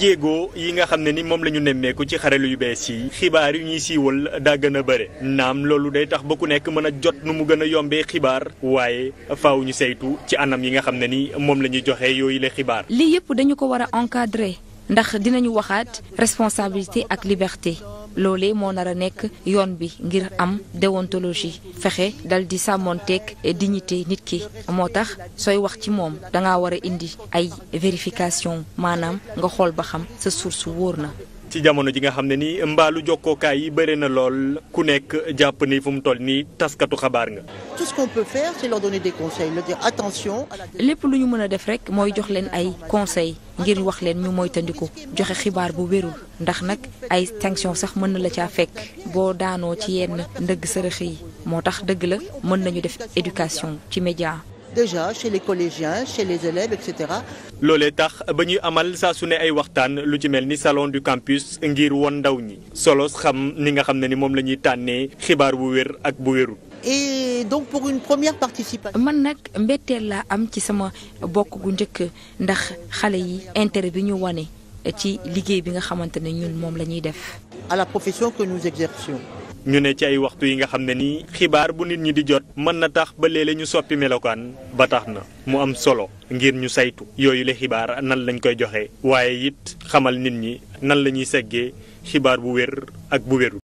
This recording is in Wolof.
jéego yi nga xam ne ni moom la ñu nemmeeku ci xarala yu bees yi xibaar yu ñuy siiwal daa gën a bëre naam loolu day tax ba ku nekk mën a jot nu mu gën a yombee xibaar waaye faaw ñu saytu ci anam yi nga xam ne ni moom la ñuy joxe yooyu la xibaar. lii yëpp dañu ko war a encadrer ndax dinañu waxaat responsabilité ak liberté. loole moo nar a nekk yoon bi ngir am déontologie fexe dal di sàmmonteeg dignité nit ki moo tax sooy wax ci moom danga war a indi ay vérification maanaam nga xool ba xam sa source wóor na ci jamono ji nga xam ne ni mbaalu jokkookaay yi bëri na lool ku nekk jàpp ni fu mu toll nii taskatu xabaar nga. tout ce qu'on peut faire c'est leur donner des conseils lépp lu ñu mën a def rek mooy jox leen ay conseils ngir wax leen ñu moytandiku joxe xibaar bu wérul ndax nag ay sanctions sax mën na la caa fekk boo daanoo ci yenn ndëgg sërëx yi moo tax dëgg la mën nañu def éducation ci média déjà chez les collégiens chez les élèves cetera. loolee tax ba ñuy amal saa su ne ay waxtaan lu ci mel ni salon du campus ngir won ndaw ñi solos xam ni nga xam ne ni moom la ñuy tànnee xibaar bu wér ak bu wérul. et donc pour une première participation. man nag mbetteel laa am ci sama bokk gu njëkk ndax xale yi intérêt bi ñu wane ci liggéey bi nga xamante ne ñun moom la ñuy def. à la profession que nous exerçons. ñu ne ci ay waxtu yi nga xam ne nii xibaar bu nit ñi di jot mën na tax ba léeg ñu soppi melokaan ba tax na mu am solo ngir ñu saytu yooyu la xibaar nan lañ koy joxe waaye it xamal nit ñi nan la ñuy seggee xibaar bu wér ak bu wérul